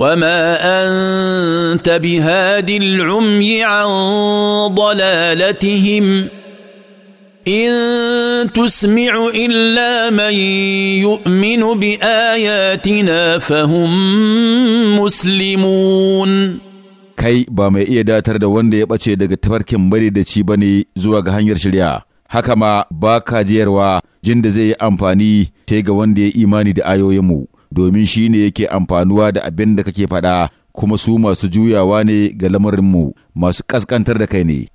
وما انت بهاد العمي عن ضلالتهم ان تسمع الا من يؤمن باياتنا فهم مسلمون kai ba mai iya datar da wanda ya ɓace daga tafarkin bari da ci bane zuwa ga hanyar shirya haka ma ba ka jiyarwa jin da zai yi amfani sai ga wanda ya imani da ayoyinmu domin shi ne yake amfanuwa da abin da kake faɗa kuma su masu juyawa ne ga lamarinmu masu ƙasƙantar da kai ne.